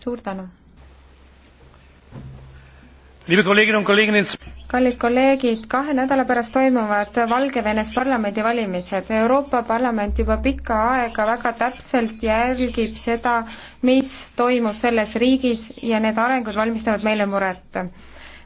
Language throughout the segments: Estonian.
suur tänu! kallid kolleegid, kahe nädala pärast toimuvad Valgevenes parlamendivalimised. Euroopa Parlament juba pikka aega väga täpselt jälgib seda, mis toimub selles riigis ja need arengud valmistavad meile muret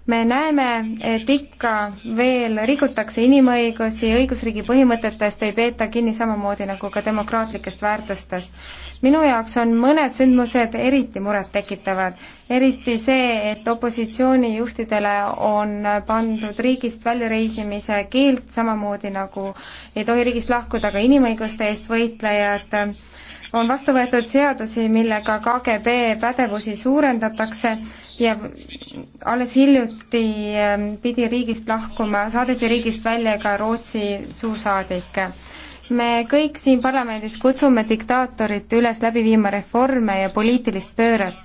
me näeme, et ikka veel rikutakse inimõigusi, õigusriigi põhimõtetest ei peeta kinni samamoodi nagu ka demokraatlikest väärtustest. minu jaoks on mõned sündmused eriti murettekitavad, eriti see, et opositsioonijuhtidele on pandud riigist väljareisimise keeld, samamoodi nagu ei tohi riigist lahkuda ka inimõiguste eest võitlejad, on vastu võetud seadusi, millega KGB pädevusi suurendatakse ja alles hiljuti ähm, pidi riigist lahkuma, saadeti riigist välja ka Rootsi suursaadik. me kõik siin parlamendis kutsume diktaatorit üles läbi viima reforme ja poliitilist pööret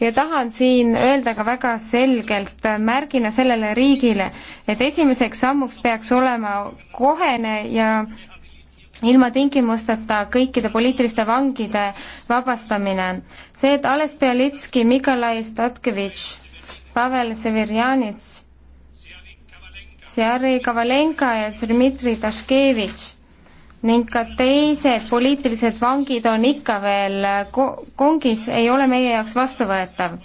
ja tahan siin öelda ka väga selgelt märgina sellele riigile, et esimeseks sammuks peaks olema kohene ja ilma tingimusteta kõikide poliitiliste vangide vabastamine. see, et Ales Bialitski, Mikolai Statkevitš, Pavel Severjanits, Sjari Kavalenka ja Dmitri Taškevitš ning ka teised poliitilised vangid on ikka veel ko-, kongis, ei ole meie jaoks vastuvõetav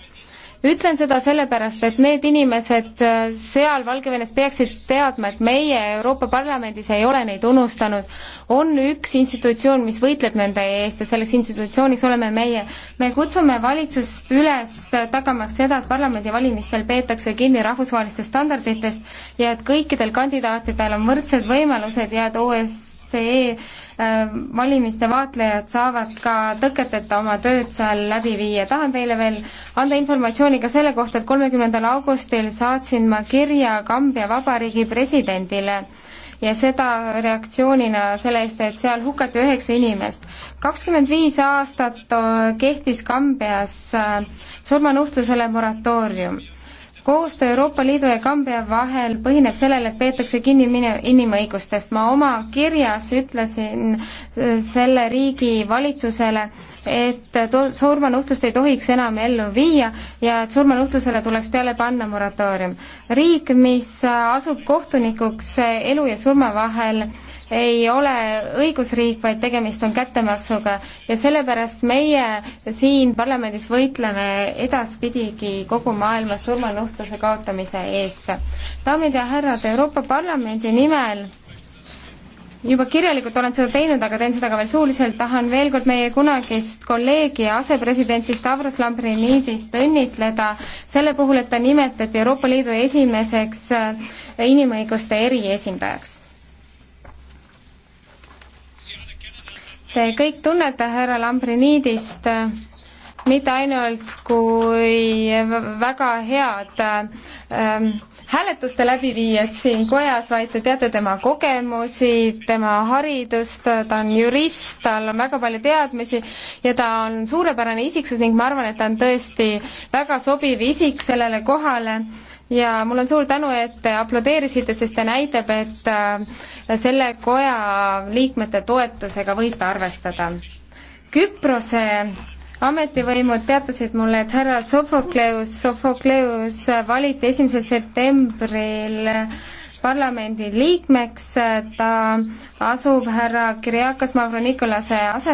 ütlen seda sellepärast, et need inimesed äh, seal Valgevenes peaksid teadma, et meie Euroopa Parlamendis ei ole neid unustanud. on üks institutsioon, mis võitleb nende eest ja selleks institutsiooniks oleme meie. me kutsume valitsust üles tagamaks seda, et parlamendivalimistel peetakse kinni rahvusvahelistest standarditest ja et kõikidel kandidaatidel on võrdsed võimalused ja et OS OSCE ähm, valimiste vaatlejad saavad ka tõketeta oma tööd seal läbi viia. tahan teile veel anda informatsiooni ka selle kohta, et kolmekümnendal augustil saatsin ma kirja Kambja Vabariigi presidendile ja seda reaktsioonina selle eest, et seal hukati üheksa inimest. kakskümmend viis aastat äh, kehtis Kambjas äh, surmanuhtlusele moratoorium koostöö Euroopa Liidu ja Kambja vahel põhineb sellel, et peetakse kinni minu-, inimõigustest. ma oma kirjas ütlesin äh, selle riigi valitsusele, et to-, surmanuhtlust ei tohiks enam ellu viia ja et surmanuhtlusele tuleks peale panna moratoorium. riik, mis asub kohtunikuks äh, elu ja surma vahel, ei ole õigusriik, vaid tegemist on kättemaksuga ja sellepärast meie siin parlamendis võitleme edaspidigi kogu maailmas surmanuhtluse kaotamise eest. daamid ja härrad, Euroopa Parlamendi nimel juba kirjalikult olen seda teinud, aga teen seda ka veel suuliselt, tahan veel kord meie kunagist kolleegi ja asepresidenti Stavros Lambrinidist õnnitleda selle puhul, et ta nimetati Euroopa Liidu esimeseks äh, inimõiguste eriesindajaks Te kõik tunnete härra Lambriniidist mitte ainult kui väga head ähm, hääletuste läbiviijad siin kojas, vaid te teate tema kogemusi, tema haridust, ta on jurist, tal on väga palju teadmisi ja ta on suurepärane isiksus ning ma arvan, et ta on tõesti väga sobiv isik sellele kohale ja mul on suur tänu, et te aplodeerisite, sest see näitab, et äh, selle koja liikmete toetusega võite arvestada. Küprose ametivõimud teatasid mulle, et härra Sofokleus, Sofokleus valiti esimesel septembril parlamendi liikmeks, ta asub härra Kirjakas Mavro Nikolase asemel.